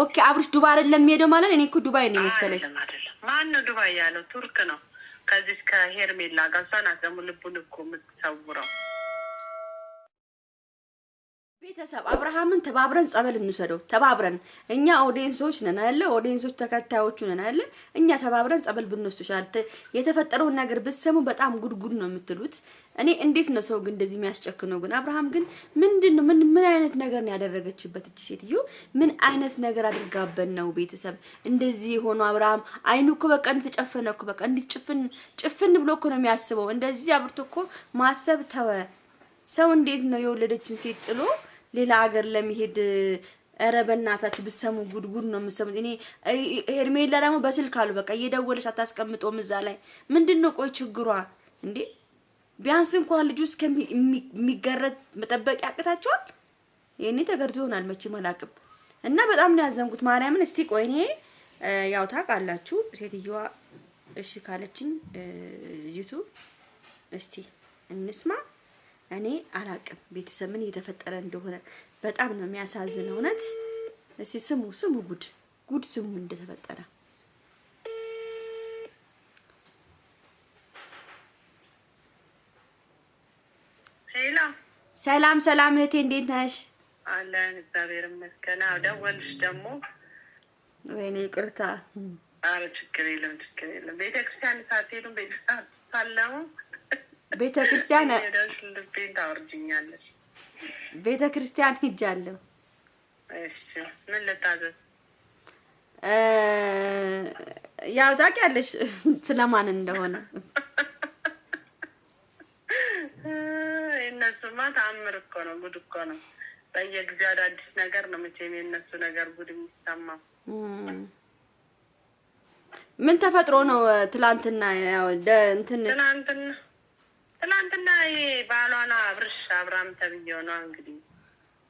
ኦኬ አብርሽ ዱባይ አይደለም ሄደው ማለት እኔ እኮ ዱባይ ነው የመሰለኝ። ማን ነው ዱባይ ያለው? ቱርክ ነው። ከዚህ ከሄርሜላ ጋር እሷ ናት ደግሞ ልቡን እኮ የምትሰውረው ቤተሰብ አብርሃምን ተባብረን ጸበል እንውሰደው። ተባብረን እኛ ኦዲየንሶች ነን አለ ኦዲየንሶች ተከታዮቹ ነን አለ እኛ ተባብረን ጸበል ብንወስዱሻል። የተፈጠረውን ነገር ብትሰሙ በጣም ጉድጉድ ነው የምትሉት። እኔ እንዴት ነው ሰው ግን እንደዚህ የሚያስጨክነው? ግን አብርሃም ግን ምንድን ነው ምን ምን አይነት ነገር ነው ያደረገችበት እች ሴትዮ? ምን አይነት ነገር አድርጋበት ነው ቤተሰብ እንደዚህ ሆኖ? አብርሃም አይኑ እኮ በቃ እንደተጨፈነ እኮ በቃ እንዴት ጭፍን ጭፍን ብሎ እኮ ነው የሚያስበው። እንደዚህ አብርቶ እኮ ማሰብ ተወ። ሰው እንዴት ነው የወለደችን ሴት ጥሎ ሌላ አገር ለመሄድ ኧረ በእናታችሁ ብትሰሙ ጉድጉድ ነው የምትሰሙት። እኔ ሄርሜላ ደግሞ በስልክ አሉ በቃ እየደወለች አታስቀምጦም እዛ ላይ ምንድን ነው ቆይ ችግሯ እንዴ? ቢያንስ እንኳን ልጁ እስከሚገረዝ መጠበቅ ያቅታቸዋል። ይህኔ ተገርዞ ይሆናል መቼም አላቅም። እና በጣም ነው ያዘንኩት ማርያምን። እስቲ ቆይ እኔ ያው ታውቃላችሁ ሴትዮዋ እሺ ካለችን ዩቱብ እስቲ እንስማ። እኔ አላቅም ቤተሰብ ምን እየተፈጠረ እንደሆነ በጣም ነው የሚያሳዝን። እውነት እስቲ ስሙ ስሙ፣ ጉድ ጉድ ስሙ እንደተፈጠረ ሰላም ሰላም፣ እህቴ እንዴት ነሽ? አለን እግዚአብሔር ይመስገን። ደወልሽ ደግሞ? ወይኔ ይቅርታ። ኧረ ችግር የለም ችግር የለም። ቤተክርስቲያን ሳትሄዱም ቤተሰብ ሳለሙ ቤተ ክርስቲያን ቤተ ክርስቲያን ሂጃለሁ። ምን ልታዘዝ? ያው ታውቂያለሽ ስለማን እንደሆነ የእነሱማ ተአምር እኮ ነው፣ ጉድ እኮ ነው። በየጊዜው አዳዲስ ነገር ነው መቼም የእነሱ ነገር ጉድ የሚሰማው። ምን ተፈጥሮ ነው? ትላንትና ያው እንትን ትላንትና ትናንትና ይሄ ባሏና አብርሽ አብራም ተብዬው ነው እንግዲህ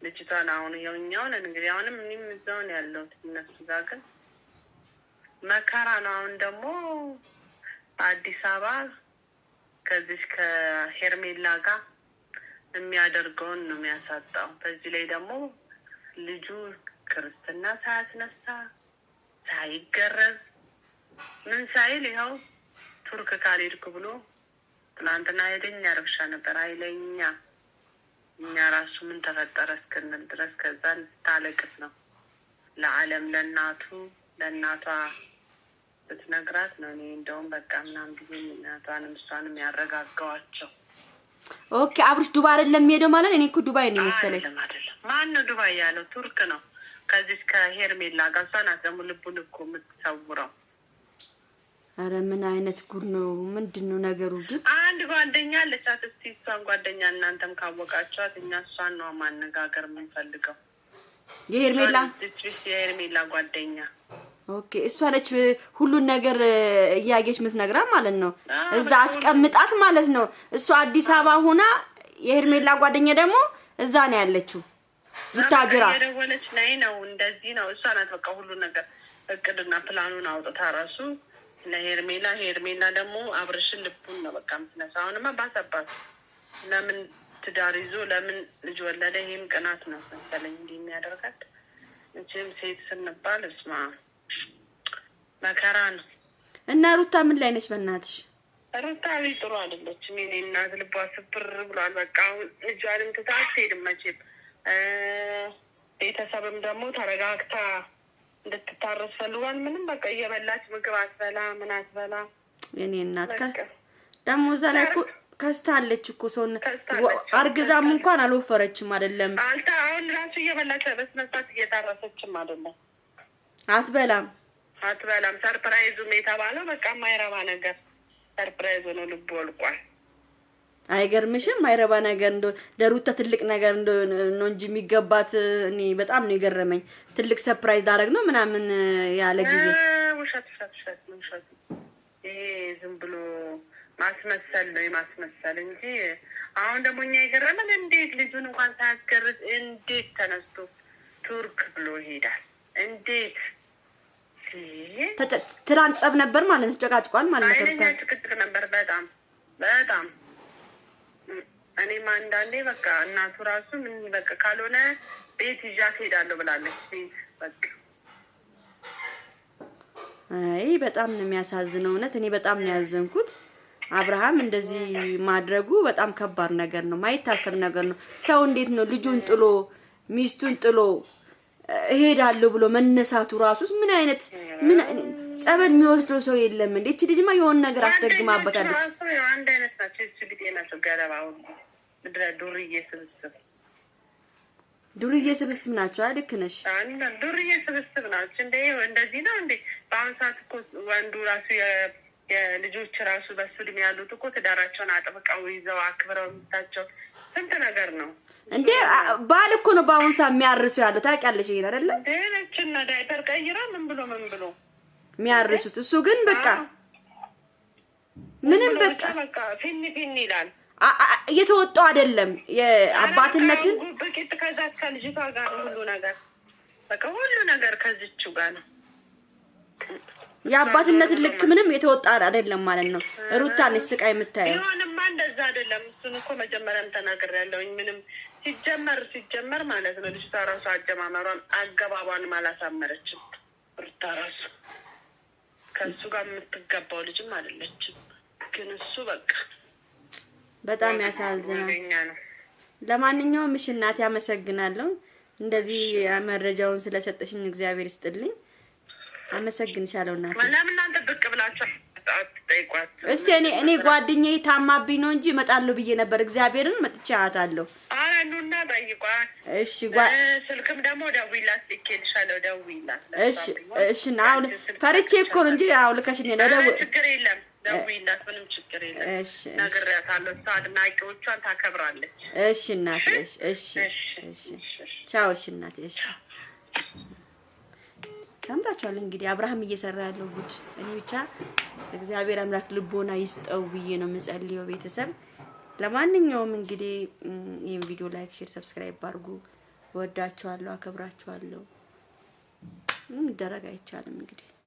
ልጅቷን አሁን የውኛውን እንግዲህ አሁንም እኔም እዛው ነው ያለሁት እነሱ ጋር ግን መከራ ነው። አሁን ደግሞ አዲስ አበባ ከዚህ ከሄርሜላ ጋር የሚያደርገውን ነው የሚያሳጣው። በዚህ ላይ ደግሞ ልጁ ክርስትና ሳያስነሳ ሳይገረዝ ምን ሳይል ይኸው ቱርክ ካልሄድኩ ብሎ ትናንትና ኃይለኛ ረብሻ ነበር። ኃይለኛ እኛ ራሱ ምን ተፈጠረ እስክንል ድረስ ከዛ እንድታለቅስ ነው ለዓለም ለእናቱ ለእናቷ ብትነግራት ነው። እኔ እንደውም በቃ ምናምን ጊዜ እናቷንም እሷንም ያረጋገዋቸው። ኦኬ አብርሽ ዱባ አይደለም የሚሄደው ማለት እኔ እኮ ዱባይ ነው የመሰለኝ። አይደለም ማን ነው ዱባይ ያለው? ቱርክ ነው። ከዚህ ከሄርሜላ ጋር እሷ ናት ደግሞ ልቡን እኮ የምትሰውረው አረ ምን አይነት ጉድ ነው? ምንድን ነው ነገሩ? ግን አንድ ጓደኛ አለቻት። እስቲ እሷን ጓደኛ እናንተም ካወቃችኋት፣ እኛ እሷን ነው ማነጋገር የምንፈልገው። የሄርሜላ የሄርሜላ ጓደኛ ኦኬ። እሷ ነች ሁሉን ነገር እያጌች የምትነግራት ማለት ነው። እዛ አስቀምጣት ማለት ነው። እሷ አዲስ አበባ ሆና የሄርሜላ ጓደኛ ደግሞ እዛ ነው ያለችው። ብታጅራ የደወለች ላይ ነው እንደዚህ ነው። እሷ ናት በቃ ሁሉን ነገር እቅድና ፕላኑን አውጥታ ራሱ ለሄርሜላ ሄርሜላ ደግሞ አብርሽን ልቡን ነው በቃ ምትነሳ። አሁንማ ባሰባት። ለምን ትዳር ይዞ ለምን ልጅ ወለደ? ይህም ቅናት ነው መሰለኝ እንዲህ የሚያደርጋት። እችም ሴት ስንባል እስማ መከራ ነው። እና ሩታ ምን ላይ ነች? በእናትሽ ሩታ ላይ ጥሩ አይደለችም። የእኔ እናት ልቧ ስብር ብሏል። በቃ አሁን ልጇንም ትታ አትሄድም መቼም ቤተሰብም ደግሞ ተረጋግታ እንድትታረስ ፈልጓል። ምንም በቃ እየበላች ምግብ አትበላ ምን አትበላ። እኔ እናት ደግሞ እዛ ላይ ከስታለች እኮ ሰውነ አርግዛም እንኳን አልወፈረችም አይደለም። አልታ አሁን ራሱ እየበላች በስመ አብ እየታረሰችም አይደለም። አትበላም አትበላም። ሰርፕራይዙም የተባለው በቃ የማይረባ ነገር ሰርፕራይዙ ነው። ልብ ወልቋል። አይገርምሽም? አይረባ ነገር እንደሆነ ለሩታ ትልቅ ነገር እንደሆነ ነው እንጂ የሚገባት። እኔ በጣም ነው የገረመኝ። ትልቅ ሰርፕራይዝ ዳረግ ነው ምናምን ያለ ጊዜ ውሸት ውሸት ውሸት ውሸት። ይሄ ዝም ብሎ ማስመሰል ነው የማስመሰል እንጂ። አሁን ደግሞ እኛ የገረመን እንዴት ልጁን እንኳን ሳያስገርዝ እንዴት ተነስቶ ቱርክ ብሎ ይሄዳል? እንዴት ትላንት ጸብ ነበር ማለት ነው። ጨቃጭቋል ማለት ነው። ትክክል ነበር። በጣም በጣም እኔም አንዳንዴ በቃ እናቱ ራሱ ምን በቃ ካልሆነ ቤት ይዣት ሄዳለሁ ብላለች። በቃ አይ በጣም ነው የሚያሳዝነው። እውነት እኔ በጣም ነው ያዘንኩት። አብርሃም እንደዚህ ማድረጉ በጣም ከባድ ነገር ነው፣ ማይታሰብ ነገር ነው። ሰው እንዴት ነው ልጁን ጥሎ ሚስቱን ጥሎ እሄዳለሁ ብሎ መነሳቱ ራሱስ ምን አይነት ምን ጸበል የሚወስደው ሰው የለም እንዴ? እቺ ልጅማ የሆነ ነገር አስደግማበታለች። አንድ አይነት ናቸው ናቸው። ገለባ ምድረ ዱርዬ ስብስብ ዱርዬ ስብስብ ናቸው። ልክ ነሽ። ዱርዬ ስብስብ ናቸው። እንደ እንደዚህ ነው እንዴ? በአሁኑ ሰዓት እኮ ወንዱ ራሱ የልጆች ራሱ በሱ እድሜ ያሉት እኮ ትዳራቸውን አጥብቀው ይዘው አክብረው የምታቸው ስንት ነገር ነው እንዴ? ባል እኮ ነው በአሁኑ ሰዓት የሚያርሱ ያለው ታውቂያለሽ። ይሄን አይደለ ዳይፐር ቀይራ ምን ብሎ ምን ብሎ የሚያርሱት እሱ ግን በቃ ምንም በቃ ፊኒ ፊኒ ይላል። እየተወጣው አይደለም የአባትነትን ብቂት ከዛት ከልጅቷ ጋር ሁሉ ነገር በቃ ሁሉ ነገር ከዚቹ ጋር ነው። የአባትነትን ልክ ምንም የተወጣ አይደለም ማለት ነው። ሩታን ስቃይ የምታየው ቢሆንማ እንደዛ አይደለም። እሱን እኮ መጀመሪያም ያለውኝ ምንም ሲጀመር ሲጀመር ማለት ነው ልጅቷ ራሱ አጀማመሯን አገባቧንም አላሳመረችም። ሩታ ራሱ ከእሱ ጋር የምትገባው ልጅም አይደለችም። ግን እሱ በቃ በጣም ያሳዝናል። ለማንኛውም እሺ እናቴ አመሰግናለሁ፣ እንደዚህ መረጃውን ስለሰጠሽኝ እግዚአብሔር ይስጥልኝ። አመሰግንሻለሁ እናቴ። ለምን እናንተ ብቅ ብላችሁ እስቲ እኔ እኔ ጓደኛዬ ታማብኝ ነው እንጂ እመጣለሁ ብዬ ነበር። እግዚአብሔርን መጥቼ አያታለሁ። ኧረ ኑና ጠይቋት። እሺ ስልክም ደግሞ ደውዪላት፣ ልኬልሻለሁ። ደውዪላት። እሺ እሺ። አሁን ፈርቼ እኮ ነው እንጂ አውልከሽ ነው። ችግር የለም ደውዪላት፣ ምንም ችግር የለም። ነግሬያታለሁ፣ እሷ አድናቂዎቿን ታከብራለች። እሺ እናቴ፣ እሺ እሺ፣ ቻው። እሺ እናቴ፣ እሺ። ሰምታችኋል እንግዲህ አብርሃም እየሰራ ያለው ጉድ። እኔ ብቻ እግዚአብሔር አምላክ ልቦና ይስጠው ብዬ ነው የምጸልየው ቤተሰብ። ለማንኛውም እንግዲህ ይህን ቪዲዮ ላይክ፣ ሼር፣ ሰብስክራይብ አድርጉ። እወዳችኋለሁ፣ አከብራችኋለሁ። ምንም ይደረግ አይቻልም እንግዲህ